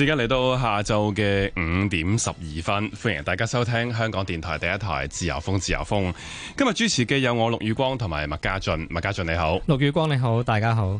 時間嚟到下晝嘅五點十二分，歡迎大家收聽香港電台第一台自由風自由風。今日主持嘅有我陸宇光同埋麥家俊，麥家俊你好，陸宇光你好，大家好。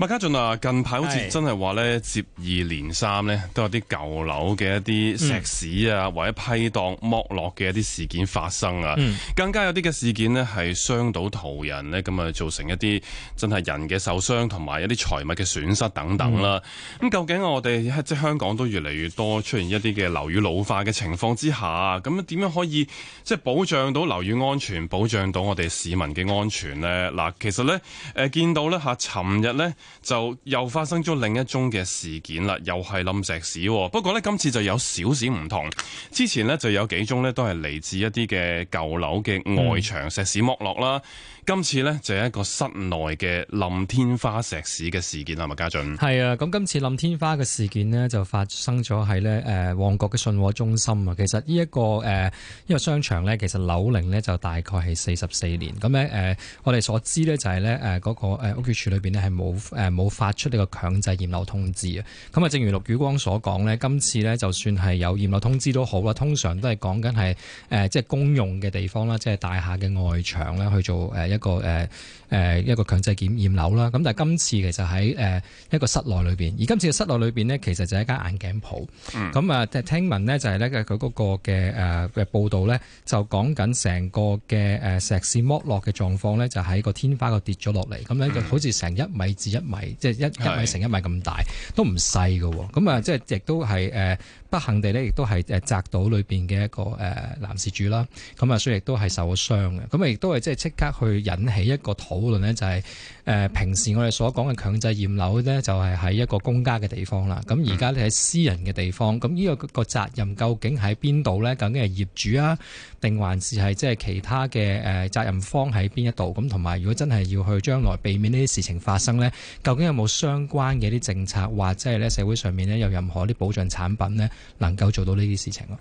麥嘉俊啊，近排好似真係話咧接二連三咧，都有啲舊樓嘅一啲石屎啊、嗯，或者批檔剝落嘅一啲事件發生啊，嗯、更加有啲嘅事件呢，係傷到途人呢，咁啊造成一啲真係人嘅受傷同埋一啲財物嘅損失等等啦。咁、嗯、究竟我哋喺即係香港都越嚟越多出現一啲嘅樓宇老化嘅情況之下，咁點樣可以即係保障到樓宇安全，保障到我哋市民嘅安全呢？嗱，其實咧，誒、呃、見到咧吓尋日咧。就又發生咗另一宗嘅事件啦，又係冧石屎，哦。不過呢，今次就有少少唔同。之前呢，就有幾宗呢，都係嚟自一啲嘅舊樓嘅外牆，嗯、石屎剝落啦。今次呢，就係、是、一個室內嘅冧天花石屎嘅事件係咪家俊。係啊，咁今次冧天花嘅事件呢，就發生咗喺呢誒旺角嘅信和中心啊。其實呢、這、一個誒呢、呃這個商場呢，其實樓齡呢，就大概係四十四年。咁呢，誒、呃、我哋所知呢，就係呢誒嗰個誒屋宇署裏邊呢，係冇誒冇發出呢個強制驗樓通知啊。咁啊，正如陸宇光所講呢，今次呢，就算係有驗樓通知都好啦，通常都係講緊係誒即係公用嘅地方啦，即、就、係、是、大廈嘅外牆咧去做誒一個誒誒、呃、一個強制檢驗樓啦，咁但係今次其實喺誒、呃、一個室內裏邊，而今次嘅室內裏邊呢，其實就係一間眼鏡鋪，咁、嗯、啊、嗯、聽聞呢就係咧佢嗰個嘅誒嘅報道呢就講緊成個嘅誒、呃、石屎剝落嘅狀況呢就喺、是、個天花度跌咗落嚟，咁樣就好似成一米至一米，即、就、係、是、一,一米成一米咁大，都唔細噶，咁啊即係亦都係誒。嗯嗯不幸地咧，亦都係誒砸到裏邊嘅一個誒男事主啦。咁啊，所以亦都係受咗傷嘅。咁亦都係即係即刻去引起一個討論呢，就係誒平時我哋所講嘅強制驗樓咧，就係喺一個公家嘅地方啦。咁而家咧喺私人嘅地方，咁呢個個責任究竟喺邊度呢？究竟係業主啊，定還是係即係其他嘅誒責任方喺邊一度？咁同埋，如果真係要去將來避免呢啲事情發生呢，究竟有冇相關嘅啲政策，或者係咧社會上面咧有任何啲保障產品呢？能夠做到呢啲事情咯。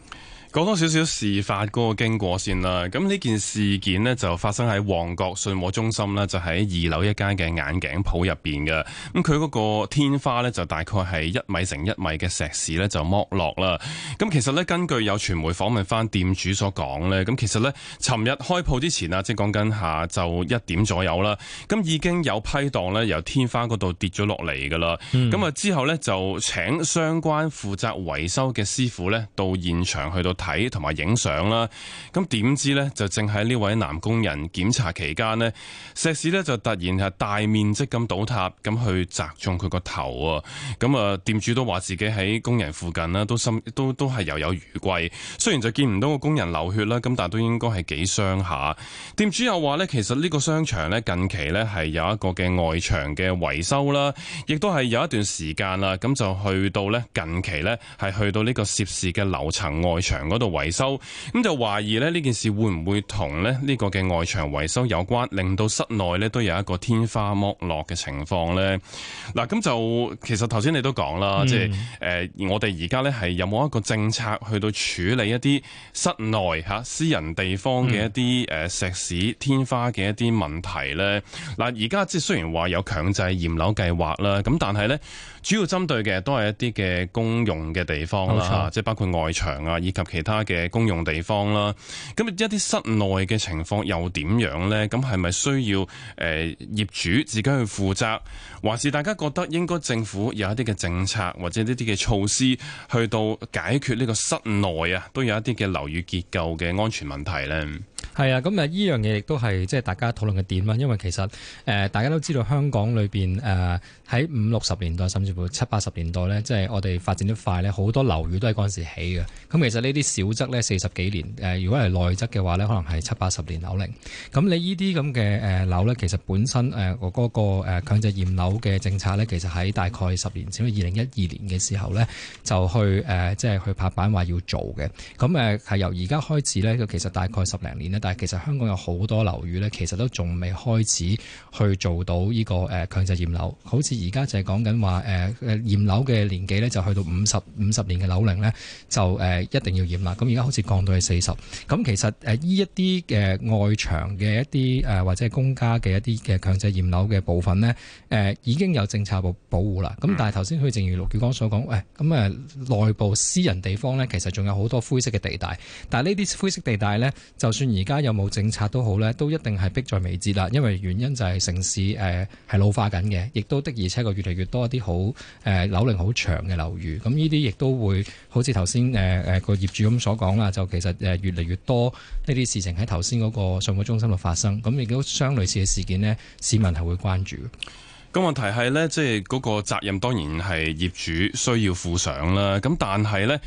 講多少少事發嗰個經過先啦。咁呢件事件呢，就發生喺旺角信和中心呢，就喺二樓一間嘅眼鏡鋪入邊嘅。咁佢嗰個天花呢，就大概係一米乘一米嘅石屎呢，就剝落啦。咁其實呢，根據有傳媒訪問翻店主所講呢，咁其實呢，尋日開鋪之前啊，即係講緊下晝一點左右啦。咁已經有批檔呢，由天花嗰度跌咗落嚟噶啦。咁、嗯、啊之後呢，就請相關負責維修嘅師傅呢，到現場去到。睇同埋影相啦，咁點知咧就正喺呢位男工人檢查期間咧，石屎咧就突然係大面積咁倒塌，咁去砸中佢個頭啊！咁啊，店主都話自己喺工人附近啦，都心都都係猶有餘悸。雖然就見唔到個工人流血啦，咁但係都應該係幾傷下。店主又話咧，其實呢個商場咧近期咧係有一個嘅外牆嘅維修啦，亦都係有一段時間啦，咁就去到咧近期咧係去到呢個涉事嘅樓層外牆。嗰度維修，咁就懷疑咧呢件事會唔會同咧呢、呢個嘅外牆維修有關，令到室內咧都有一個天花剝落嘅情況呢？嗱、嗯，咁就其實頭先你都講啦，即係誒，我哋而家咧係有冇一個政策去到處理一啲室內吓、啊、私人地方嘅一啲誒石屎天花嘅一啲問題呢？嗱、嗯，而家即係雖然話有強制驗樓計劃啦，咁但係呢。主要針對嘅都係一啲嘅公用嘅地方啦，即係包括外牆啊，以及其他嘅公用地方啦。咁一啲室內嘅情況又點樣呢？咁係咪需要誒、呃、業主自己去負責，還是大家覺得應該政府有一啲嘅政策或者呢啲嘅措施去到解決呢個室內啊都有一啲嘅樓宇結構嘅安全問題呢？係啊，咁啊，呢樣嘢亦都係即係大家討論嘅點啦。因為其實誒、呃、大家都知道香港裏邊誒喺五六十年代甚至，七八十年代呢，即係我哋發展得快呢，好多樓宇都係嗰陣時起嘅。咁其實呢啲小則呢，四十幾年誒，如果係內側嘅話呢，可能係七八十年樓齡。咁你依啲咁嘅誒樓呢，其實本身誒嗰個誒強制驗樓嘅政策呢，其實喺大概十年前，二零一二年嘅時候呢，就去誒即係去拍板話要做嘅。咁誒係由而家開始呢，其實大概十零年呢，但係其實香港有好多樓宇呢，其實都仲未開始去做到呢個誒強制驗樓，好似而家就係講緊話誒誒誒驗樓嘅年紀咧，就去到五十五十年嘅樓齡咧，就誒、啊、一定要驗啦。咁而家好似降到係四十。咁其實誒呢、啊啊、一啲嘅外牆嘅一啲誒或者公家嘅一啲嘅強制驗樓嘅部分呢，誒、啊、已經有政策保保護啦。咁、啊、但係頭先佢正如陸兆剛所講，誒咁誒內部私人地方呢，其實仲有好多灰色嘅地帶。但係呢啲灰色地帶呢，就算而家有冇政策都好呢，都一定係迫在眉睫啦。因為原因就係城市誒係、啊、老化緊嘅，亦都的而且確越嚟越多一啲好。好、呃、誒，樓齡好長嘅樓宇，咁呢啲亦都會好似頭先誒誒個業主咁所講啦，就其實誒越嚟越多呢啲事情喺頭先嗰個信和中心度發生，咁亦都相類似嘅事件呢，市民係會關注。咁問題係呢，即係嗰個責任當然係業主需要負上啦，咁但係呢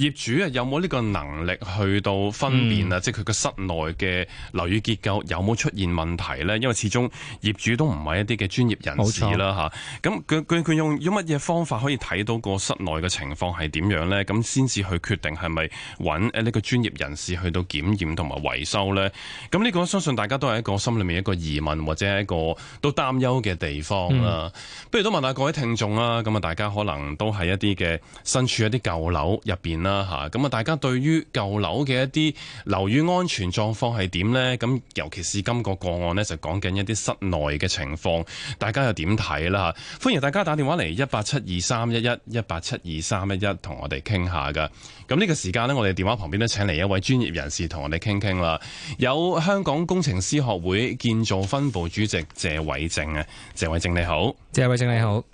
業主啊，有冇呢個能力去到分辨啊、嗯？即係佢個室內嘅樓宇結構有冇出現問題呢？因為始終業主都唔係一啲嘅專業人士啦，嚇。咁佢佢佢用用乜嘢方法可以睇到個室內嘅情況係點樣呢？咁先至去決定係咪揾誒呢個專業人士去到檢驗同埋維修呢？咁呢個相信大家都係一個心裏面一個疑問或者係一個都擔憂嘅地方啦、嗯。不如都問下各位聽眾啦，咁啊，大家可能都係一啲嘅身處一啲舊樓入邊啦。吓，咁啊，大家對於舊樓嘅一啲樓宇安全狀況係點呢？咁尤其是今個個案呢，就講緊一啲室內嘅情況，大家又點睇啦？歡迎大家打電話嚟一八七二三一一一八七二三一一，同我哋傾下噶。咁呢個時間呢，我哋電話旁邊呢，請嚟一位專業人士同我哋傾傾啦。有香港工程師學會建造分部主席謝偉正啊，謝偉正你好，謝偉正你好。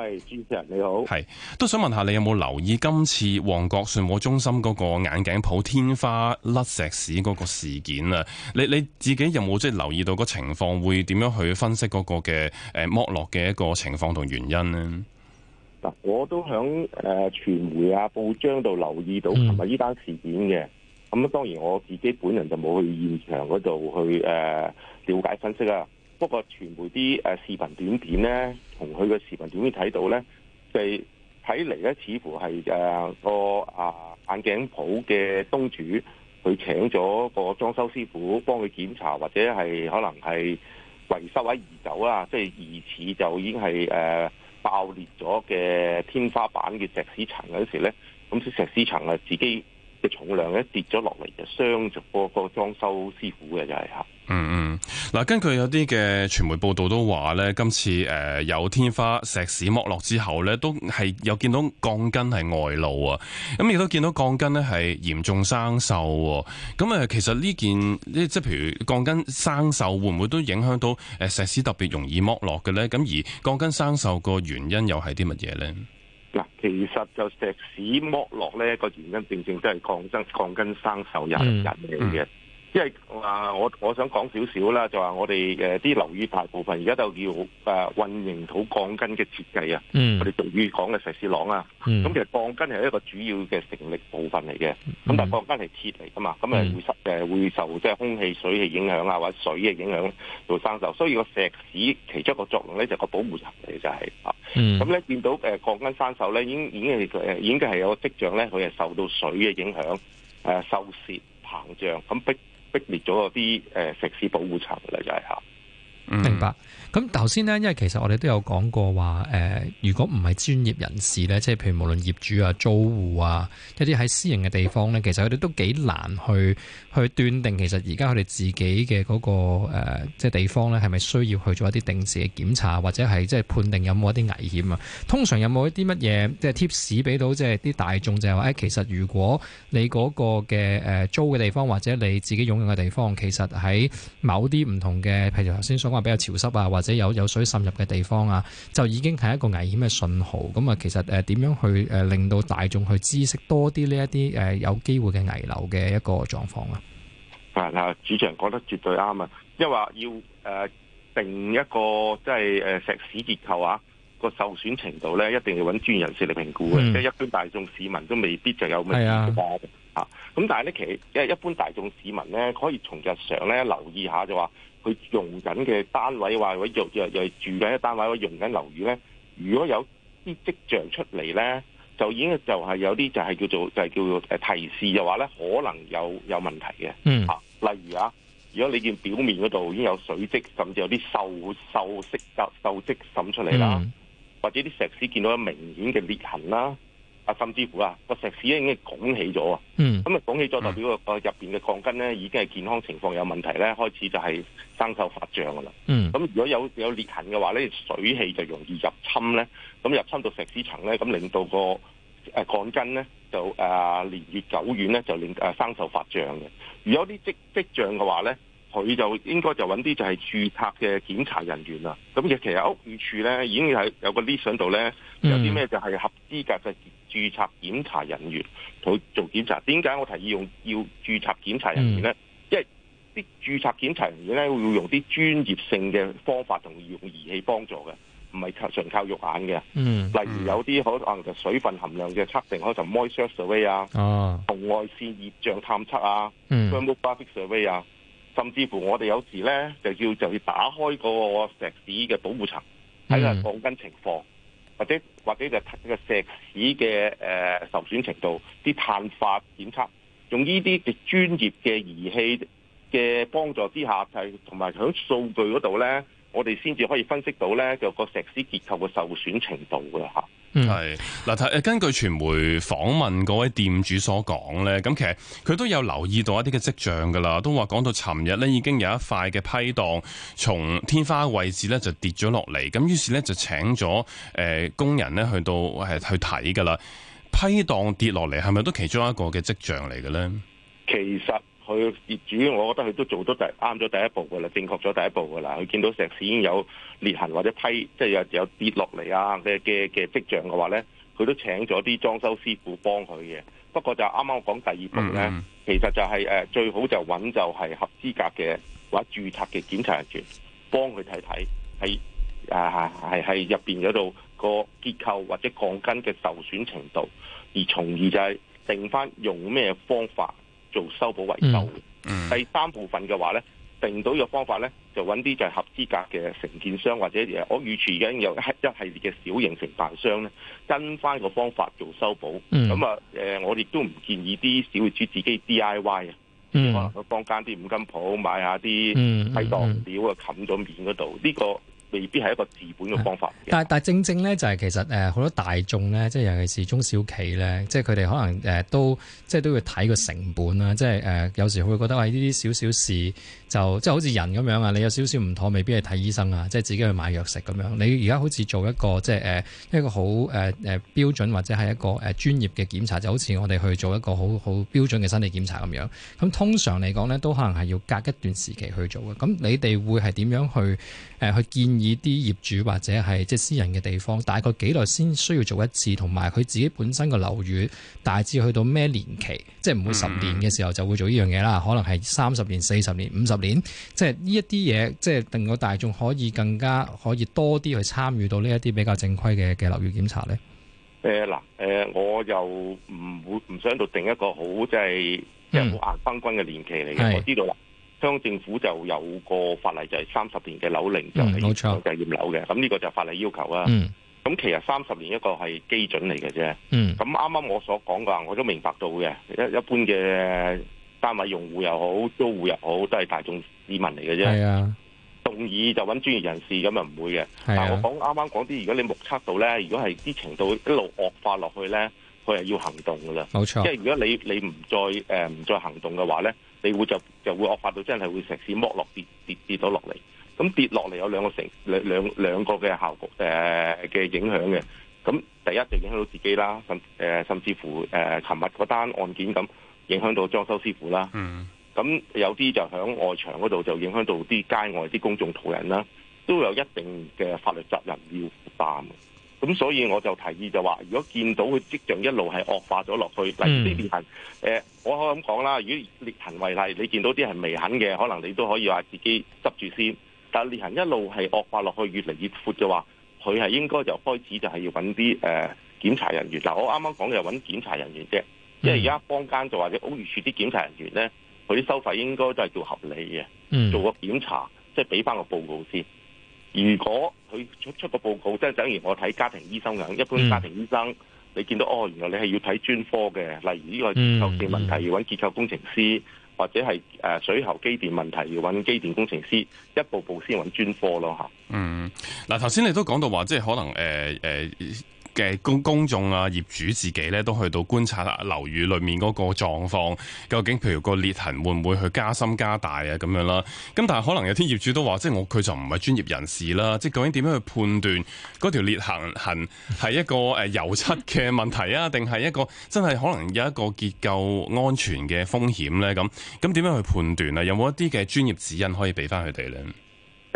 係主持人你好，係都想問下你有冇留意今次旺角信和中心嗰個眼鏡鋪天花甩石屎嗰個事件啊？你你自己有冇即係留意到個情況，會點樣去分析嗰個嘅誒剝落嘅一個情況同原因呢？啊，我都響誒傳媒啊報章度留意到琴日呢單事件嘅。咁、嗯、啊，當然我自己本人就冇去現場嗰度去誒了解分析啦。不過，傳媒啲誒視頻短片咧，同佢嘅視頻短片睇到咧，就係睇嚟咧，似乎係誒個啊眼鏡舖嘅東主，佢請咗個裝修師傅幫佢檢查，或者係可能係維修位移走啦，即係疑似就已經係誒爆裂咗嘅天花板嘅石屎層嗰陣時咧，咁啲石屎層啊自己。重量一跌咗落嚟，就傷住個個裝修師傅嘅就係吓。嗯嗯，嗱，根據有啲嘅傳媒報道都話咧，今次誒有天花石屎剝落之後咧，都係有見到鋼筋係外露啊，咁亦都見到鋼筋咧係嚴重生銹。咁誒，其實呢件呢即係譬如鋼筋生銹會唔會都影響到誒石屎特別容易剝落嘅咧？咁而鋼筋生銹個原因又係啲乜嘢咧？嗱，其實就石屎剝落咧，個原因正正都係鋼筋、鋼筋生鏽日日嚟嘅。嗯即係話我我想講少少啦，就話我哋誒啲樓宇大部分而家就要誒混凝土鋼筋嘅設計啊、嗯，我哋俗語講嘅石屎廊啊，咁、嗯、其實鋼筋係一個主要嘅承力部分嚟嘅，咁、嗯、但係鋼筋係鐵嚟㗎嘛，咁誒會受誒、嗯、受即係空氣、水氣影響啊，或者水嘅影響做生鏽，所以個石屎其中一個作用咧就係個保護層嚟嘅。就、嗯、係啊，咁咧見到誒鋼筋生鏽咧，已經已經係已經係有個跡象咧，佢係受到水嘅影響誒、呃、受蝕膨脹，咁逼逼滅咗嗰啲誒，石屎保護層啦，就係吓明白。嗯咁頭先呢，因為其實我哋都有講過話、呃，如果唔係專業人士呢，即係譬如無論業主啊、租戶啊，一啲喺私營嘅地方呢，其實佢哋都幾難去去斷定，其實而家佢哋自己嘅嗰、那個、呃、即係地方呢，係咪需要去做一啲定時嘅檢查，或者係即係判定有冇一啲危險啊？通常有冇一啲乜嘢，即係 tips 俾到即係啲大眾就係、是、話，誒、哎，其實如果你嗰個嘅租嘅地方，或者你自己擁有嘅地方，其實喺某啲唔同嘅，譬如頭先所講比較潮濕啊。或者有有水滲入嘅地方啊，就已經係一個危險嘅信號。咁啊，其實誒，點樣去誒令到大眾去知識多啲呢一啲誒有機會嘅危樓嘅一個狀況啊？嗱，主持人講得絕對啱啊，因為話要誒定一個即係誒石屎結構啊個受損程度咧，一定要揾專業人士嚟評估嘅、嗯，即係一般大眾市民都未必就有咩。係啊，吓咁，但係咧其實因為一般大眾市民咧，可以從日常咧留意下就話。佢用緊嘅單位，或或者又又住緊嘅單位，用緊樓宇咧，如果有啲跡象出嚟咧，就已經就係有啲就係叫做就係、係、叫做誒提示嘅話咧，可能有有問題嘅。嗯，嚇，例如啊，如果你見表面嗰度已經有水漬，甚至有啲鏽鏽色、鏽鏽漬滲出嚟啦，mm. 或者啲石屎見到有明顯嘅裂痕啦。啊，甚至乎啊，個石屎咧已經拱起咗啊！咁、嗯、啊拱起咗，代表個入邊嘅鋼筋咧已經係健康情況有問題咧，開始就係生鏽發脹噶啦。咁、嗯、如果有有裂痕嘅話咧，水氣就容易入侵咧，咁入侵到石屎層咧，咁令到個誒鋼筋咧就誒年、呃、月久遠咧，就令誒生鏽發脹嘅。如果有啲跡跡象嘅話咧，佢就應該就揾啲就係註冊嘅檢查人員啦。咁其實屋宇署咧已經係有個 list 喺度咧，有啲咩就係合資格嘅註冊檢查人員同佢做檢查。點解我提議用要註冊檢查人員咧？因為啲註冊檢查人員咧會用啲專業性嘅方法同用儀器幫助嘅，唔係純靠肉眼嘅、嗯。例如有啲可能就水分含量嘅測定，可能 moisture survey 啊、哦，紅外線熱像探測啊、嗯、thermal fabric survey 啊。甚至乎我哋有時咧，就要就要打開個石屎嘅保護層，睇下鋼筋情況，或者或者就睇個石屎嘅誒受損程度，啲碳化檢測，用呢啲嘅專業嘅儀器嘅幫助之下，就係同埋喺數據嗰度咧。我哋先至可以分析到呢就個石屎結構嘅受損程度噶吓。嗯，係嗱，根據傳媒訪問嗰位店主所講呢，咁其實佢都有留意到一啲嘅跡象噶啦，都話講到尋日呢已經有一塊嘅批檔從天花位置呢就跌咗落嚟，咁於是呢就請咗誒、呃、工人呢去到係去睇噶啦。批檔跌落嚟係咪都其中一個嘅跡象嚟嘅呢？其實。佢業主，我覺得佢都做得啱咗第一步㗎啦，正確咗第一步㗎啦。佢見到石屎已經有裂痕或者批，即係有有跌落嚟啊嘅嘅嘅跡象嘅話咧，佢都請咗啲裝修師傅幫佢嘅。不過就啱啱我講第二步咧，mm -hmm. 其實就係誒最好就揾就係合資格嘅或者註冊嘅檢查人員幫佢睇睇，係啊係係入邊嗰度個結構或者鋼筋嘅受損程度，而從而就係定翻用咩方法。做修補維修，第三部分嘅話咧，定到嘅方法咧，就揾啲就係合資格嘅承建商或者我預存已經有一系列嘅小型承辦商咧，跟翻個方法做修補。咁、嗯、啊、嗯嗯呃、我亦都唔建議啲小業主自己 D I Y 啊、嗯，可能坊間啲五金鋪買下啲批盪料啊，冚咗面嗰度呢個。未必係一個治本嘅方法，啊、但係但係正正咧，就係其實誒好多大眾咧，即係尤其是中小企咧，即係佢哋可能誒都即係都會睇個成本啦，即係誒有時會覺得哇呢啲小小事。就即係好似人咁樣啊！你有少少唔妥，未必係睇醫生啊，即係自己去買藥食咁樣。你而家好似做一個即係一個好誒誒標準或者係一個誒專業嘅檢查，就好似我哋去做一個好好標準嘅身體檢查咁樣。咁通常嚟講呢，都可能係要隔一段時期去做嘅。咁你哋會係點樣去、呃、去建議啲業主或者係即係私人嘅地方，大概幾耐先需要做一次，同埋佢自己本身嘅樓宇大致去到咩年期，即係唔會十年嘅時候就會做呢樣嘢啦、嗯。可能係三十年、四十年、五十年，即係呢一啲嘢，即係令個大眾可以更加可以多啲去參與到呢一啲比較正規嘅嘅樓宇檢查咧。誒、呃、嗱，誒、呃、我又唔會唔想到定一個好即係即係好硬崩崩嘅年期嚟嘅、嗯。我知道啦，香港政府就有個法例就係三十年嘅樓齡就係冇、嗯、錯嘅驗、就係、樓嘅。咁呢個就係法例要求啦。咁、嗯、其實三十年一個係基準嚟嘅啫。嗯。咁啱啱我所講嘅話，我都明白到嘅。一一般嘅。單位用戶又好，租戶又好，都係大眾市民嚟嘅啫。係啊，動議就揾專業人士咁又唔會嘅、啊。但我講啱啱講啲，如果你目測到咧，如果係啲程度一路惡化落去咧，佢係要行動噶啦。冇錯。即係如果你你唔再誒唔、呃、再行動嘅話咧，你會就就會惡化到真係會石屎剝落跌跌跌咗落嚟。咁跌落嚟有兩個成兩兩兩個嘅效果誒嘅、呃、影響嘅。咁第一就影響到自己啦，甚誒、呃、甚至乎誒尋日嗰單案件咁。影響到裝修師傅啦，咁、嗯、有啲就喺外牆嗰度就影響到啲街外啲公眾途人啦，都有一定嘅法律責任要負擔。咁所以我就提議就話，如果見到佢跡象一路係惡化咗落去，例如啲裂痕誒，我可咁講啦，如果裂痕為例，你見到啲係未肯嘅，可能你都可以話自己執住先。但裂痕一路係惡化落去，越嚟越闊嘅話，佢係應該就開始就係要揾啲誒檢查人員。嗱，我啱啱講嘅揾檢查人員啫。即係而家坊間就或者屋宇署啲檢查人員咧，佢啲收費應該都係叫合理嘅、嗯，做個檢查，即係俾翻個報告先。如果佢出出個報告，即係等於我睇家庭醫生咁、嗯，一般家庭醫生你見到哦，原來你係要睇專科嘅，例如呢個結構問題要揾結構工程師，嗯、或者係誒水喉機電問題要揾機電工程師，一步步先揾專科咯吓，嗯，嗱頭先你都講到話，即係可能誒誒。呃呃嘅公公眾啊，業主自己呢都去到觀察樓宇裏面嗰個狀況，究竟譬如個裂痕會唔會去加深加大啊咁樣啦？咁但係可能有啲業主都話，即係我佢就唔係專業人士啦。即係究竟點樣去判斷嗰條裂痕痕係一個誒、呃、油漆嘅問題啊，定係一個真係可能有一個結構安全嘅風險呢？咁咁點樣去判斷啊？有冇一啲嘅專業指引可以俾翻佢哋呢？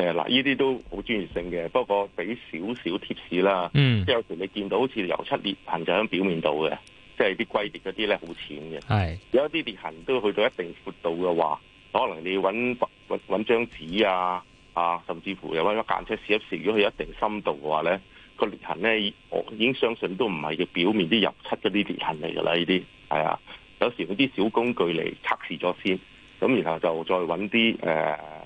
誒嗱，依啲都好專業性嘅，不過俾少少貼士啦、嗯。即有時你見到好似油漆裂痕就喺表面度嘅，即係啲龜裂嗰啲咧好淺嘅。係有一啲裂痕都去到一定闊度嘅話，可能你揾揾揾張紙啊，啊，甚至乎又揾咗間尺試一試。如果佢一定深度嘅話咧，個裂痕咧，我已經相信都唔係嘅表面啲油漆嗰啲裂痕嚟㗎啦。呢啲係啊，有時用啲小工具嚟測試咗先，咁然後就再揾啲誒。呃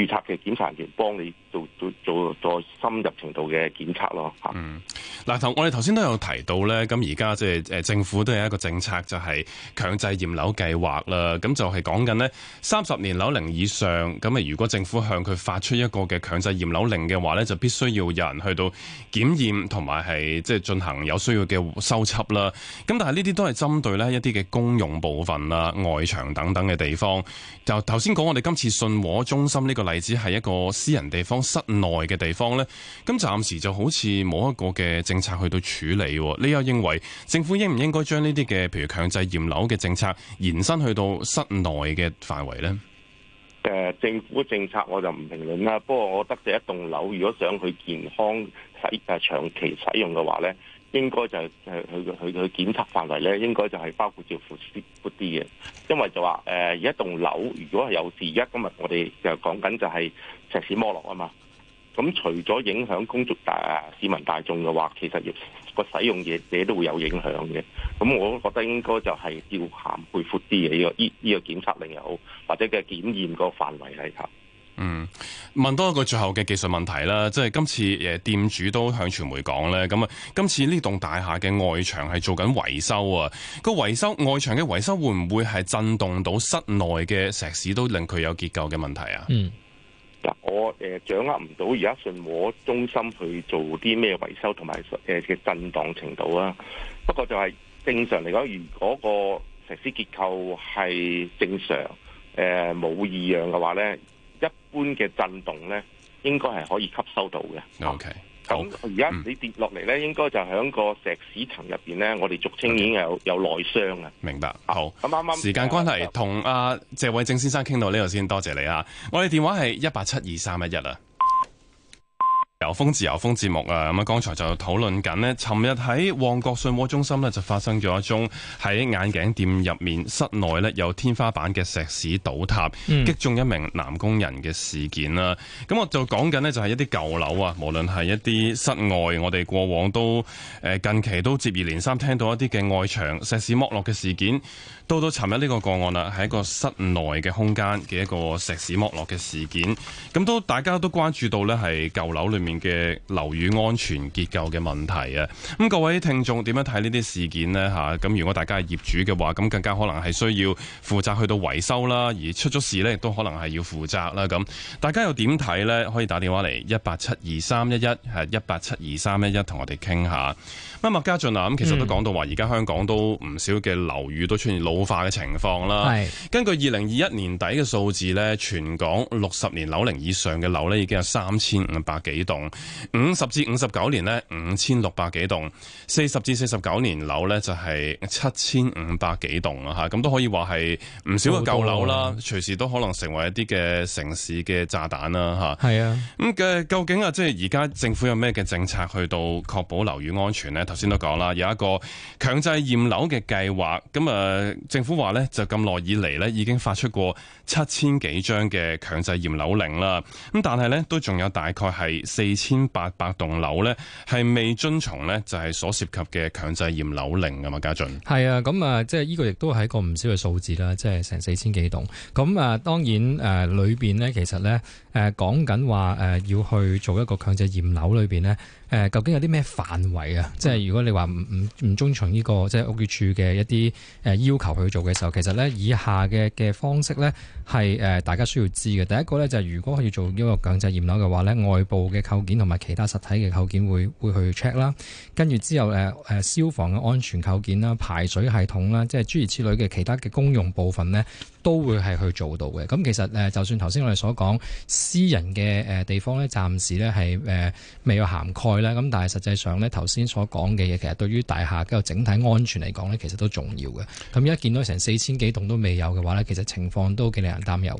預測嘅檢查員幫你。做做做再深入程度嘅檢測咯。嗯，嗱，頭我哋頭先都有提到咧，咁而家即係，誒政府都有一個政策，就係強制驗樓計劃啦。咁就係講緊咧，三十年樓齡以上，咁啊如果政府向佢發出一個嘅強制驗樓令嘅話咧，就必須要有人去到檢驗同埋係即係進行有需要嘅修葺啦。咁但係呢啲都係針對咧一啲嘅公用部分啊、外牆等等嘅地方。就頭先講我哋今次信和中心呢個例子係一個私人地方。室內嘅地方呢，咁暫時就好似冇一個嘅政策去到處理。你又認為政府應唔應該將呢啲嘅譬如強制驗樓嘅政策延伸去到室內嘅範圍呢？呃，政府政策我就唔評論啦。不過我覺得，就一棟樓，如果想去健康長期使用嘅話呢。應該就係佢佢佢佢，檢測範圍咧，應該就係包括照寬闊啲嘅，因為就話而、呃、一棟樓如果係有事，而家今日我哋就講緊就係石屎摩落啊嘛。咁除咗影響工作大市民大眾嘅話，其實個使用嘢者都會有影響嘅。咁我覺得應該就係要涵蓋闊啲嘅呢個呢、呢個檢測令又好，或者嘅檢驗個範圍係嗯，問多一個最後嘅技術問題啦，即係今次誒店主都向傳媒講咧，咁啊，今次呢棟大廈嘅外牆係做緊維修啊，個維修外牆嘅維修會唔會係震動到室內嘅石屎都令佢有結構嘅問題啊？嗯，嗱，我、呃、誒掌握唔到而家信和中心去做啲咩維修同埋誒嘅震盪程度啊？不過就係正常嚟講，如果個石屎結構係正常，誒冇異樣嘅話咧。一般嘅震動咧，應該係可以吸收到嘅。OK，咁而家你跌落嚟咧，應該就喺個石屎層入邊咧，我哋俗稱已經有有內傷啊。Okay. 明白，好。咁啱啱時間關係，同阿謝偉正先生傾到呢度先，多謝，謝你啊！我哋電話係一八七二三一一啊。有由風，自由風節目啊！咁啊，剛才就討論緊呢，尋日喺旺角信和中心呢，就發生咗一宗喺眼鏡店入面室內呢，有天花板嘅石屎倒塌，擊、嗯、中一名男工人嘅事件啦。咁我就講緊呢，就係一啲舊樓啊，無論係一啲室外，我哋過往都誒，近期都接二連三聽到一啲嘅外牆石屎剝落嘅事件。到到尋日呢個個案啦，係一個室內嘅空間嘅一個石屎剝落嘅事件，咁都大家都關注到呢係舊樓裏面嘅樓宇安全結構嘅問題啊！咁各位聽眾點樣睇呢啲事件呢？嚇咁如果大家係業主嘅話，咁更加可能係需要負責去到維修啦，而出咗事呢，亦都可能係要負責啦。咁大家又點睇呢？可以打電話嚟一八七二三一一係一八七二三一一，同我哋傾下。咁麥家俊啊，咁其實都講到話，而家香港都唔少嘅樓宇都出現老化嘅情況啦。根據二零二一年底嘅數字咧，全港六十年樓齡以上嘅樓咧已經有三千五百幾棟，五十至五十九年咧五千六百幾棟，四十至四十九年樓咧就係七千五百幾棟啊！嚇，咁都可以話係唔少嘅舊樓啦、啊，隨時都可能成為一啲嘅城市嘅炸彈啦！嚇，係啊，咁嘅、啊嗯、究竟啊，即係而家政府有咩嘅政策去到確保樓宇安全呢？頭先都講啦，有一個強制驗樓嘅計劃，咁啊、呃，政府話呢，就咁耐以嚟呢，已經發出過七千幾張嘅強制驗樓令啦，咁但係咧都仲有大概係四千八百棟樓咧係未遵從咧，就係所涉及嘅強制驗樓令㗎嘛，家俊。係啊，咁啊即係呢個亦都係一個唔少嘅數字啦，即係成四千幾棟。咁啊當然誒裏、啊、面咧其實咧誒、啊、講緊話、啊、要去做一個強制驗樓裏面咧、啊、究竟有啲咩範圍啊、嗯？即係如果你話唔唔唔遵從呢、呢個即係屋宇署嘅一啲要求去做嘅時候，其實咧以下嘅嘅方式咧。係誒、呃，大家需要知嘅第一個呢，就係、係、如果我要做呢個強制驗樓嘅話呢，外部嘅構件同埋其他實體嘅構件會會去 check 啦，跟住之後誒誒、呃，消防嘅安全構件啦、排水系統啦，即係諸如此類嘅其他嘅公用部分呢，都會係去做到嘅。咁其實誒就算頭先我哋所講私人嘅誒地方呢，暫時呢係誒未有涵蓋啦。咁但係實際上呢頭先所講嘅嘢，其實對於大廈嘅整體安全嚟講呢，其實都重要嘅。咁一見到成四千幾棟都未有嘅話呢，其實情況都幾令人擔憂。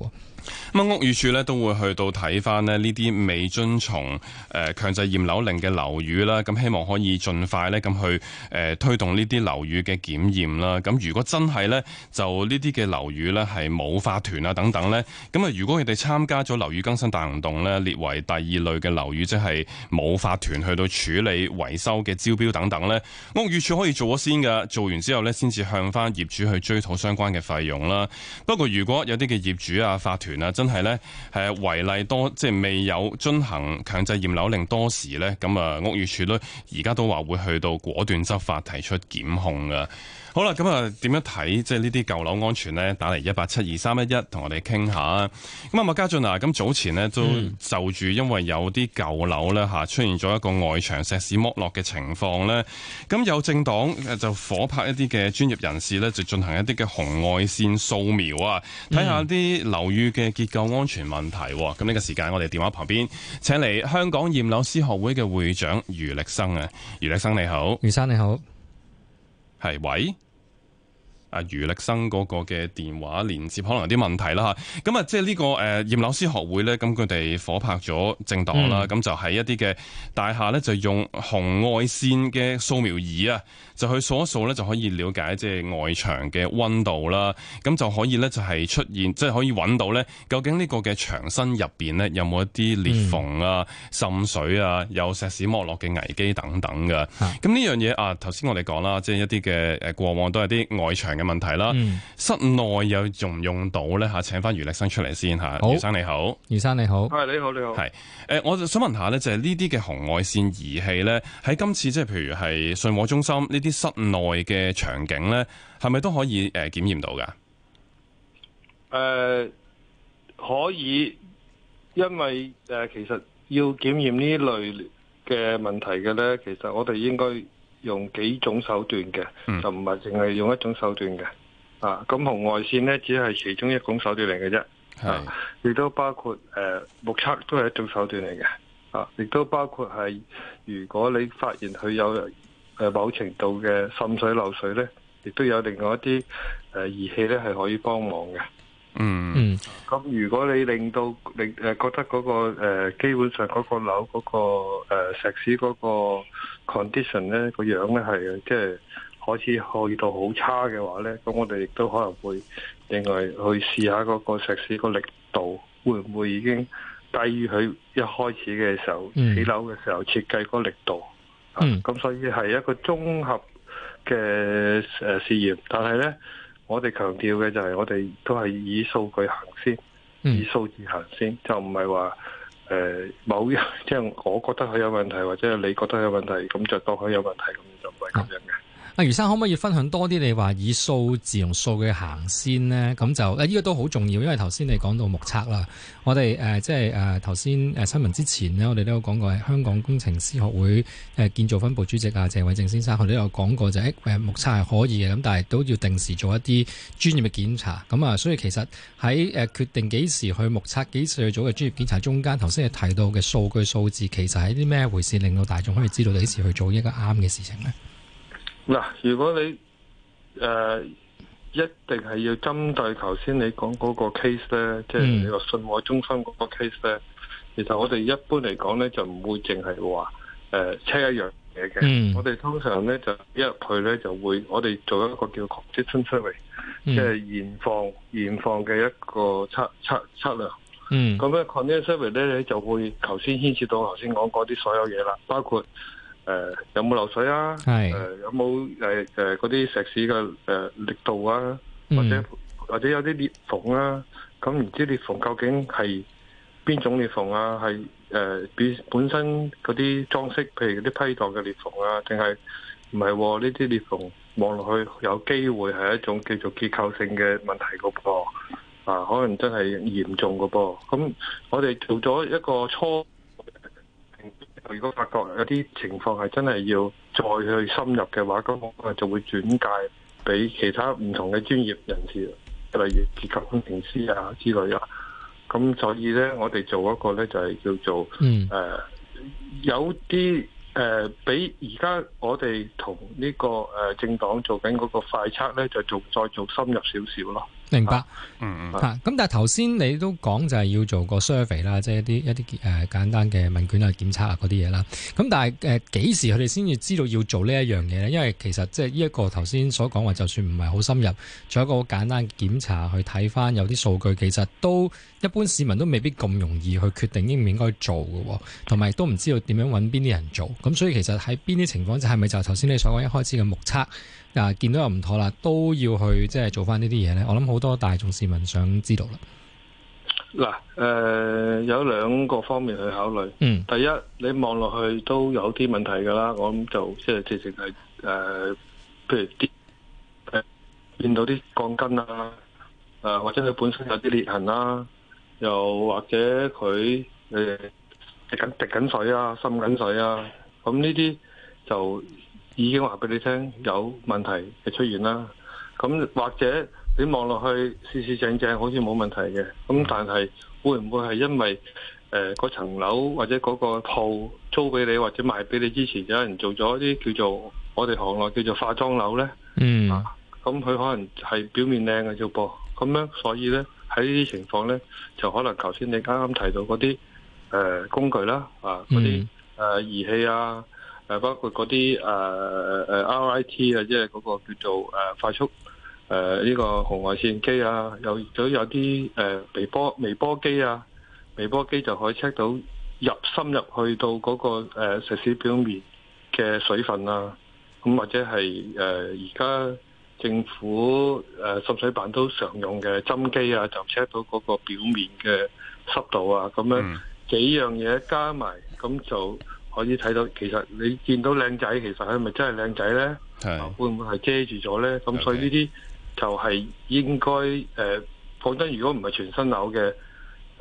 咁啊，屋宇署咧都會去到睇翻呢啲未遵從誒強制驗樓令嘅樓宇啦，咁希望可以盡快咧咁去誒、呃、推動呢啲樓宇嘅檢驗啦。咁如果真係咧就呢啲嘅樓宇咧係冇法團啊等等咧，咁啊如果佢哋參加咗樓宇更新大行動咧列為第二類嘅樓宇，即係冇法團去到處理維修嘅招標等等咧，屋宇署可以做咗先噶，做完之後咧先至向翻業主去追討相關嘅費用啦。不過如果有啲嘅業主啊法團，真係咧，係違例多，即係未有遵行強制驗樓令多時咧，咁啊，屋宇署咧而家都話會去到果斷執法，提出檢控噶。好啦，咁啊，點樣睇，即係呢啲舊樓安全呢？打嚟一八七二三一一，同我哋傾下。咁啊，麥家俊啊，咁早前呢，都就住因為有啲舊樓呢，吓，出現咗一個外牆石屎剝落嘅情況呢。咁有政黨就夥拍一啲嘅專業人士呢，就進行一啲嘅紅外線掃描啊，睇下啲樓宇嘅結構安全問題。咁、嗯、呢個時間，我哋電話旁邊請嚟香港驗樓師學會嘅會長余力生啊，余力生你好，余生你好。係，喂。啊！余力生嗰個嘅電話連接可能有啲問題啦嚇，咁啊即係呢個誒葉老師學會咧，咁佢哋火拍咗政黨啦，咁、嗯、就係一啲嘅大廈咧，就用紅外線嘅掃描儀啊，就去掃一掃咧，就可以了解即係外牆嘅溫度啦，咁就可以咧就係出現，即、就、係、是、可以揾到咧，究竟呢個嘅牆身入邊咧有冇一啲裂縫啊、嗯、滲水啊、有石屎剝落嘅危機等等嘅。咁呢樣嘢啊，頭先、啊、我哋講啦，即、就、係、是、一啲嘅誒過往都係啲外牆。嘅問題啦，嗯、室內有用唔用到咧嚇？請翻余力生出嚟先嚇。余生你好，余生你好，係你好你好。係誒、呃，我就想問下咧，就係呢啲嘅紅外線儀器咧，喺今次即係譬如係信和中心呢啲室內嘅場景咧，係咪都可以誒、呃、檢驗到噶？誒、呃、可以，因為誒、呃、其實要檢驗呢類嘅問題嘅咧，其實我哋應該。用幾種手段嘅、嗯，就唔係淨係用一種手段嘅。啊，咁紅外線呢，只係其中一種手段嚟嘅啫。亦、啊、都包括誒、呃、目測都係一種手段嚟嘅。啊，亦都包括係如果你發現佢有、呃、某程度嘅滲水漏水呢，亦都有另外一啲誒、呃、儀器呢，係可以幫忙嘅。嗯，咁如果你令到令誒、呃、覺得嗰、嗰個、呃、基本上嗰個樓嗰、嗰個、呃、石屎嗰、嗰個。condition 咧個樣咧係，即係開始去到好差嘅話咧，咁我哋亦都可能會另外去試下嗰個石屎個力度會唔會已經低於佢一開始嘅時候起樓嘅時候設計嗰個力度。嗯、mm. 啊。咁所以係一個綜合嘅誒試驗，但係咧我哋強調嘅就係我哋都係以數據行先，以數字行先，就唔係話。誒，某一即係我覺得佢有問題，或者係你覺得佢有問題，咁就當佢有問題，咁就唔係咁樣嘅。嗯啊、余生可唔可以分享多啲？你話以數字用數據先行先呢？咁就誒、呢、啊這個都好重要，因為頭先你講到目測啦。我哋誒、呃、即係誒、頭先誒新聞之前呢，我哋都有講過，係香港工程師學會誒、呃、建造分部主席啊，謝偉正先生，佢都有講過就係、是、誒、欸、目測係可以嘅，咁但係都要定時做一啲專業嘅檢查。咁、嗯、啊，所以其實喺誒、呃、決定幾時去目測、幾時去做嘅專業檢查中間，頭先你提到嘅數據、數字，其實係啲咩回事？令到大眾可以知道幾時去做一個啱嘅事情呢？嗱，如果你誒、呃、一定係要針對頭先你講嗰個 case 咧，即係你話信和中心嗰個 case 咧，其實我哋一般嚟講咧就唔會淨係話誒車一樣嘢嘅，mm. 我哋通常呢，就一入去呢，就會我哋做一個叫 condition survey，即係現況現況嘅一個測測測量。嗯，咁咧 condition survey 呢，你就會頭先牽涉到我頭先講嗰啲所有嘢啦，包括。誒、呃，有冇漏水啊？係、呃、誒，有冇誒誒嗰啲石屎嘅誒力度啊？或者或者有啲裂縫啊？咁唔知道裂縫究竟係邊種裂縫啊？係誒、呃，本本身嗰啲裝飾，譬如嗰啲批盪嘅裂縫啊，定係唔係？呢啲裂縫望落去有機會係一種叫做結構性嘅問題個噃，啊，可能真係嚴重個噃。咁我哋做咗一個初。如果發覺有啲情況係真係要再去深入嘅話，咁我哋就會轉介俾其他唔同嘅專業人士，例如結構工程師啊之類啊。咁所以呢，我哋做一個呢，嗯，就係叫做誒，有啲誒比而家我哋同呢個誒政黨做緊嗰個快測呢，就做再做深入少少咯。明白，嗯、啊、嗯，吓，咁、啊，但係頭先你都講就係要做個 survey、呃啊、啦，即係一啲一啲誒簡單嘅問卷啊、檢測啊嗰啲嘢啦。咁但係誒幾時佢哋先至知道要做呢一樣嘢咧？因為其實即係呢一個頭先所講，話就算唔係好深入，做一個簡單檢查去睇翻有啲數據，其實都一般市民都未必咁容易去決定應唔應該做嘅，同埋都唔知道點樣揾邊啲人做。咁所以其實喺邊啲情況就係咪就頭先你所講，一開始嘅目測啊，見到又唔妥啦，都要去即係做翻呢啲嘢咧？我諗好。多大眾市民想知道啦。嗱，誒，有兩個方面去考慮。嗯，第一，你望落去都有啲問題噶啦。我諗就即係直情係誒，譬如啲、呃、見到啲鋼筋啦，誒、呃，或者佢本身有啲裂痕啦，又或者佢誒、呃、滴緊滴緊水啊，滲緊水啊。咁呢啲就已經話俾你聽有問題嘅出現啦。咁或者。你望落去，四四正正，好似冇問題嘅。咁但係會唔會係因為誒嗰層樓或者嗰個鋪租俾你或者賣俾你之前有人做咗啲叫做我哋行內叫做化妝樓呢？嗯、mm. 啊，咁佢可能係表面靚嘅啫噃。咁咧，所以呢，喺呢啲情況呢，就可能頭先你啱啱提到嗰啲誒工具啦啊，嗰啲誒儀器啊，誒包括嗰啲誒誒 RIT 啊，即係嗰個叫做誒快、呃、速。誒、呃，呢、這個紅外線機啊，有都有啲誒、呃、微波微波機啊，微波機就可以 check 到入深入去到嗰、那個誒、呃、石屎表面嘅水分啊，咁、嗯、或者係誒而家政府誒濕、呃、水板都常用嘅針機啊，就 check 到嗰個表面嘅濕度啊，咁樣、嗯、幾樣嘢加埋，咁就可以睇到，其實你見到靚仔，其實係咪真係靚仔咧？係會唔會係遮住咗咧？咁、okay. 所以呢啲。就係、是、應該誒，講真，如果唔係全新樓嘅。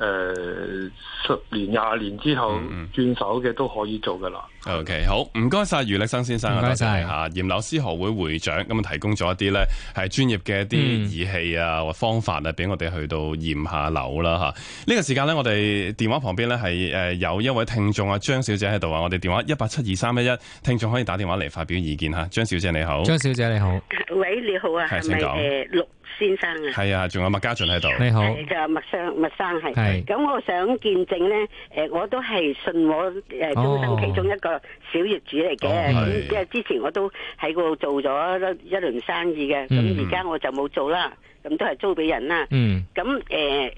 誒、呃、十年、廿年之後轉手嘅都可以做㗎啦。OK，好唔該晒，謝謝余力生先生啊，唔該曬吓，驗樓師學會會長咁啊，提供咗一啲呢係專業嘅一啲儀器啊、嗯、或方法啊，俾我哋去到驗下樓啦嚇。呢、這個時間呢，我哋電話旁邊呢係誒有一位聽眾啊，張小姐喺度啊，我哋電話一八七二三一一，聽眾可以打電話嚟發表意見嚇。張小姐你好，張小姐你好，喂，你好啊，係咪先生啊，係啊，仲有麥家俊喺度，你好，就麥生麥生係，咁我想見證咧，誒，我都係信和誒中心其中一個小業主嚟嘅，即係之前我都喺嗰度做咗一一輪生意嘅，咁而家我就冇做啦，咁都係租俾人啦，咁誒，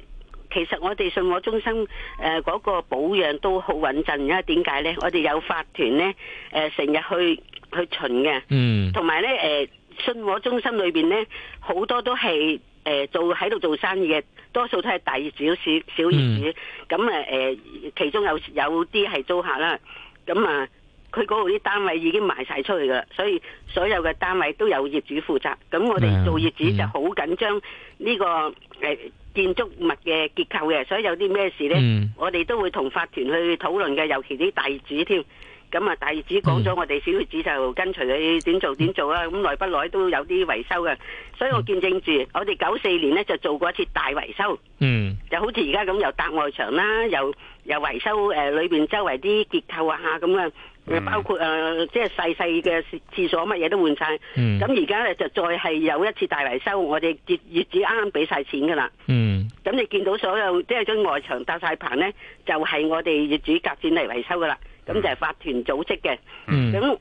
其實我哋信和中心誒嗰個保養都好穩陣，因為點解咧？我哋有法團咧，誒，成日去去巡嘅，同埋咧，誒。信和中心裏邊咧，好多都係誒、呃、做喺度做生意嘅，多數都係大業主、小業小業主。咁誒誒，其中有有啲係租客啦。咁啊，佢嗰度啲單位已經賣晒出去㗎，所以所有嘅單位都有業主負責。咁我哋做業主就好緊張呢、這個誒、呃、建築物嘅結構嘅，所以有啲咩事咧、嗯，我哋都會同法團去討論嘅，尤其啲大業主添。咁、嗯、啊，大業主講咗，我哋小業主就跟隨佢點做點做啊！咁耐不耐都有啲維修嘅，所以我見證住，我哋九四年呢就做過一次大維修，嗯，就好似而家咁，又搭外牆啦，又又維修誒、呃、裏邊周圍啲結構啊，咁啊、呃嗯，包括誒即係細細嘅廁所乜嘢都換晒，嗯，咁而家咧就再係有一次大維修，我哋月業主啱啱俾晒錢噶啦，嗯，咁你見到所有即係將外牆搭晒棚咧，就係、是、我哋業主夾錢嚟維修噶啦。咁就係法團組織嘅，咁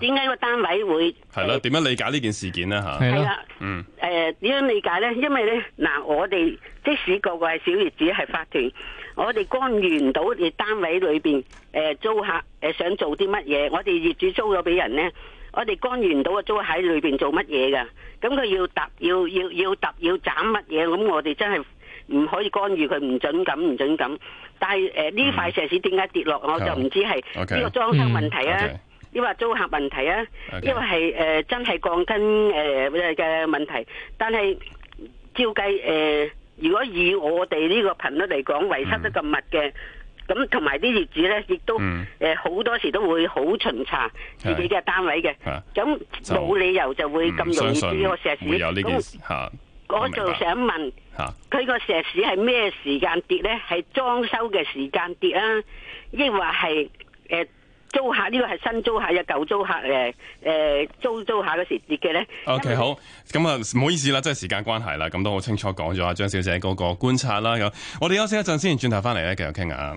點解個單位會？係啦，點樣理解呢件事件呢？吓係啦，嗯，點、呃、樣理解呢？因為呢，嗱，我哋即使個個係小業主係法團，我哋干預唔到你單位裏邊誒、呃、租客誒、呃、想做啲乜嘢，我哋業主租咗俾人呢，我哋干預唔到個租客喺裏邊做乜嘢噶，咁佢要揼要要要揼，要斬乜嘢，咁我哋真係唔可以干預佢，唔准咁，唔准咁。但係誒呢塊石屎點解跌落？我就唔知係呢、okay, 個裝修問題啊，抑、嗯、或、okay, 租客問題啊，okay, 因為係誒、呃、真係鋼筋誒嘅問題。但係照計誒，如果以我哋呢個頻率嚟講，維修得咁密嘅，咁同埋啲業主咧，亦都誒好、嗯呃、多時都會好巡查自己嘅單位嘅。咁冇理由就會咁容易跌、嗯這個石屎。我就想問，佢個石屎係咩時間跌咧？係裝修嘅時間跌啊，抑或係誒租客呢個係新租客又舊租客誒誒、呃、租租客嘅時跌嘅咧？OK 好，咁啊唔好意思啦，即係時間關係啦，咁都好清楚講咗阿張小姐嗰個觀察啦。咁我哋休息一陣先，轉頭翻嚟咧繼續傾下。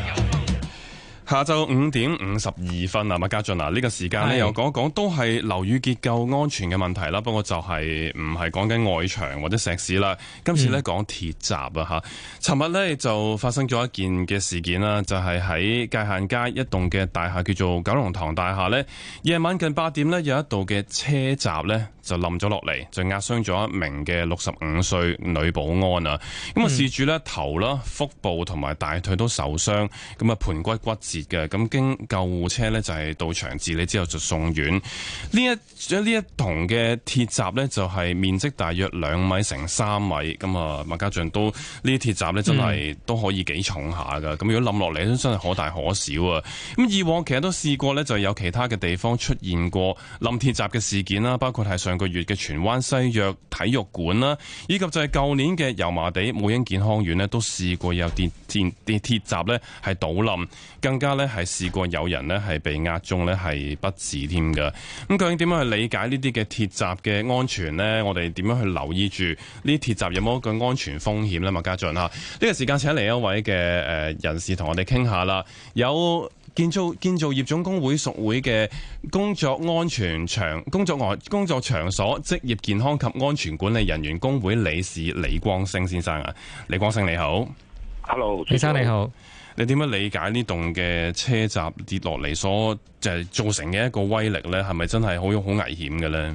下晝五點五十二分啊，麥家俊啊，呢、這個時間咧又講一講，都係樓宇結構安全嘅問題啦。不過就係唔係講緊外牆或者石屎啦，今次咧講鐵閘啊吓。尋、嗯、日咧就發生咗一件嘅事件啦，就係、是、喺界限街一棟嘅大廈，叫做九龍塘大廈咧。夜晚近八點咧，有一度嘅車閘咧就冧咗落嚟，就壓傷咗一名嘅六十五歲女保安啊。咁啊，事主咧頭啦、腹部同埋大腿都受傷，咁啊，盆骨骨折。嘅咁經救護車呢就係到場治理之後就送院。呢一呢一同嘅鐵閘呢，就係面積大約兩米乘三米。咁啊，麥家俊都呢啲鐵閘呢真係都可以幾重下噶。咁如果冧落嚟真係可大可小啊。咁以往其實都試過呢，就有其他嘅地方出現過冧鐵閘嘅事件啦，包括係上個月嘅荃灣西約體育館啦，以及就係舊年嘅油麻地母嬰健康院呢，都試過有電電啲鐵閘呢係倒冧，更。而家呢，係試過有人呢，係被壓中呢係不治添噶，咁究竟點樣去理解呢啲嘅鐵閘嘅安全呢？我哋點樣去留意住呢鐵閘有冇一個安全風險呢？麥家俊啊，呢、這個時間請嚟一位嘅誒人士同我哋傾下啦。有建築建造業總工會屬會嘅工作安全場工作外工作場所職業健康及安全管理人員工會理事李光昇先生啊，李光昇你好，hello，李生你好。Hello, 你點樣理解呢棟嘅車閘跌落嚟所就係造成嘅一個威力咧？係咪真係好好危險嘅咧？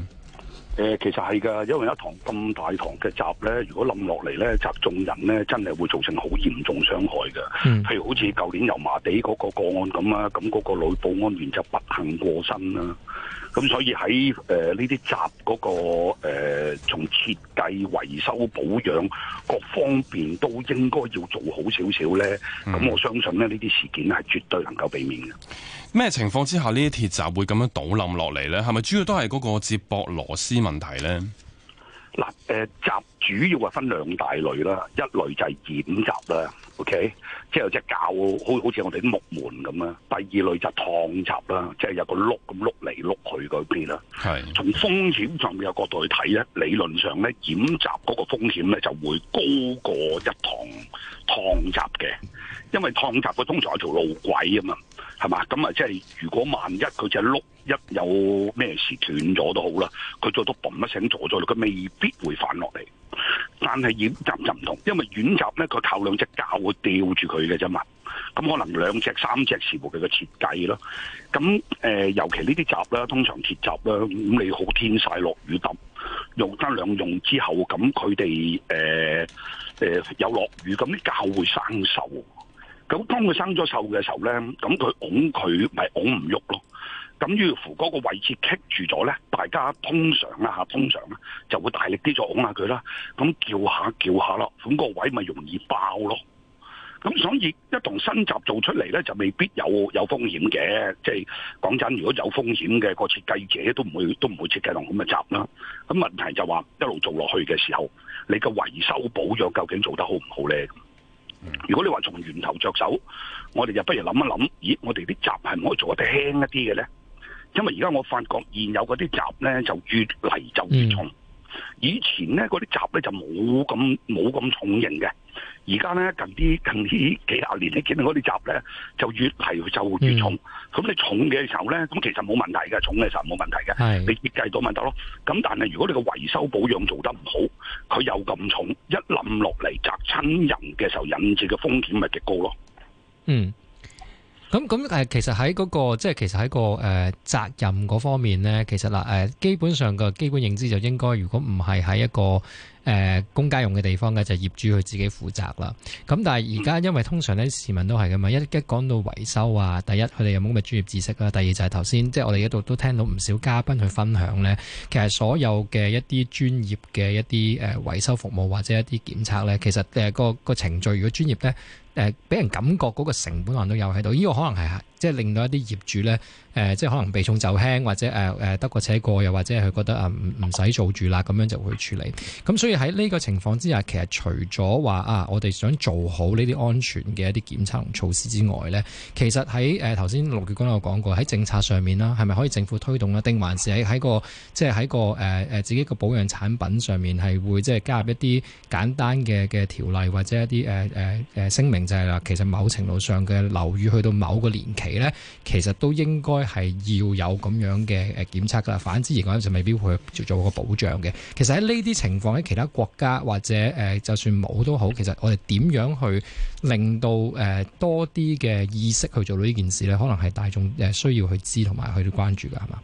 誒、呃，其實係噶，因為一堂咁大堂嘅閘咧，如果冧落嚟咧，砸中人咧，真係會造成好嚴重傷害噶、嗯。譬如好似舊年油麻地嗰個個案咁啊，咁、那、嗰個女保安員就不幸過身啦、啊。咁所以喺誒呢啲閘嗰，那個誒，呃，從設計、維修、保養各方面都應該要做好少少咧。咁、嗯、我相信咧，呢啲事件係絕對能夠避免嘅。咩情況之下呢啲鐵閘會咁樣倒冧落嚟咧？係咪主要都係嗰個接駁螺絲問題咧？嗱，呃，誒閘主要係分兩大類啦，一類就係剪閘啦。O K，即係只教好好似我哋啲木門咁啦。第二類就是趟閘啦，即係有個碌咁碌嚟碌去嗰邊啦。係從風險上面嘅角度去睇咧，理論上咧，掩閘嗰個風險咧就會高過一堂趟閘嘅，因為趟閘佢通常有條路軌啊嘛。係嘛？咁啊，即係如果萬一佢隻碌一有咩事斷咗都好啦，佢做到嘣一聲坐咗佢，未必會返落嚟。但係遠閘就唔同，因為遠閘咧，佢靠兩隻鉸吊住佢嘅啫嘛。咁可能兩隻、三隻是冇佢嘅設計咯。咁誒、呃，尤其呢啲閘啦，通常鐵閘啦，咁你好天曬落雨淋，用得兩用之後，咁佢哋誒有落雨，咁啲鉸會生鏽。咁當佢生咗鏽嘅時候咧，咁佢拱佢咪拱唔喐咯。咁於乎嗰個位置棘住咗咧，大家通常啊吓，通常咧、啊、就會大力啲再拱下佢啦。咁叫下叫下咯，咁、個位咪容易爆咯。咁所以一同新閘做出嚟咧，就未必有有風險嘅。即係講真，如果有風險嘅、個設計者都唔會都唔會設計到咁嘅閘啦。咁問題就話一路做落去嘅時候，你嘅維修保養究竟做得好唔好咧？如果你話從源頭着手，我哋就不如諗一諗，咦，我哋啲閘係唔可以做得輕一啲嘅咧？因為而家我發覺現有嗰啲閘咧就越嚟就越重，以前咧嗰啲閘咧就冇咁冇咁重型嘅。而家咧近啲近呢幾廿年，你見到嗰啲閘咧就越嚟就越重。咁、嗯、你重嘅時候呢，咁其實冇問題嘅，重嘅時候冇問題嘅，你設計到咪得咯。咁但係如果你個維修保養做得唔好，佢又咁重，一冧落嚟砸親人嘅時候引致嘅風險咪極高咯。嗯，咁咁誒，其實喺嗰、那個即係其實喺個誒、呃、責任嗰方面呢，其實嗱、呃、基本上嘅基本認知就應該，如果唔係喺一個。誒公家用嘅地方嘅就業主佢自己負責啦。咁但係而家因為通常呢啲市民都係噶嘛，一一講到維修啊，第一佢哋有冇咁嘅專業知識啦，第二就係頭先即係我哋一度都聽到唔少嘉賓去分享呢，其實所有嘅一啲專業嘅一啲誒維修服務或者一啲檢測呢，其實誒個程序如果專業呢，誒，俾人感覺嗰個成本還都有喺度，呢、這個可能係。即係令到一啲業主咧、呃，即係可能避重就輕，或者、呃、得過且過，又或者佢覺得啊，唔唔使做住啦，咁樣就會處理。咁所以喺呢個情況之下，其實除咗話啊，我哋想做好呢啲安全嘅一啲檢測同措施之外咧，其實喺誒頭先陸局長有講過，喺政策上面啦，係咪可以政府推動啊？定還是喺喺個即係喺個誒、呃、自己個保養產品上面係會即係加入一啲簡單嘅嘅條例或者一啲誒誒聲明，就係、是、啦，其實某程度上嘅樓宇去到某個年期。其實都應該係要有咁樣嘅誒檢測噶，反之而言就未必會做個保障嘅。其實喺呢啲情況喺其他國家或者誒、呃，就算冇都好，其實我哋點樣去令到誒、呃、多啲嘅意識去做到呢件事咧，可能係大眾誒需要去知同埋去關注噶，係嘛？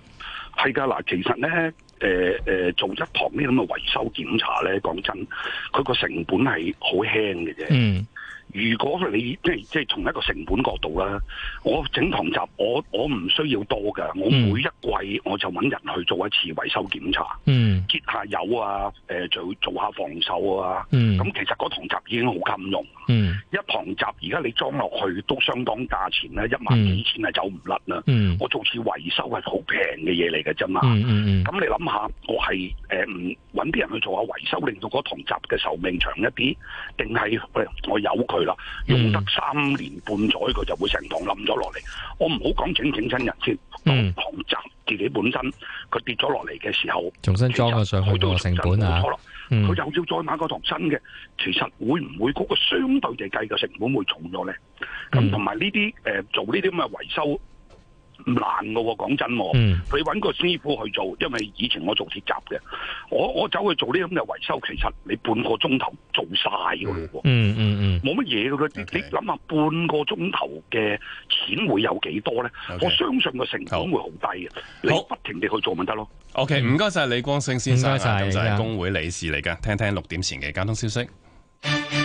係噶，嗱，其實咧，誒、呃、誒，做一旁呢咁嘅維修檢查咧，講真，佢個成本係好輕嘅啫。嗯。如果你即係即係從一個成本角度啦，我整唐閘，我我唔需要多噶，我每一季我就揾人去做一次維修檢查，嗯，結下油啊，誒、呃，做做下防銹啊，咁、嗯、其實嗰唐閘已經好襟用，嗯、一唐閘而家你裝落去都相當價錢啦，一萬幾千係走唔甩啦，我做次維修係好平嘅嘢嚟嘅啫嘛，咁、嗯嗯嗯、你諗下，我係誒唔揾啲人去做下維修，令到嗰唐閘嘅壽命長一啲，定係喂我有佢？嗯、用得三年半載，佢就會成堂冧咗落嚟。我唔好講整整親人先，堂、嗯、宅自己本身佢跌咗落嚟嘅時候，重新裝上去嘅成本啊，好啦，佢又要再買個堂新嘅，其實會唔會嗰個相對地計嘅成本會重咗咧？咁同埋呢啲誒，做呢啲咁嘅維修。唔難噶，講真、嗯，你揾個師傅去做，因為以前我做鐵閘嘅，我我走去做呢咁嘅維修，其實你半個鐘頭做晒噶啦，嗯嗯嗯，冇乜嘢噶啦。Okay. 你諗下半個鐘頭嘅錢會有幾多咧？Okay. 我相信個成本會好低嘅。Okay. 你不停地去做，咪得咯。OK，唔該晒李光星先生，咁就係工會理事嚟噶。聽聽六點前嘅交通消息。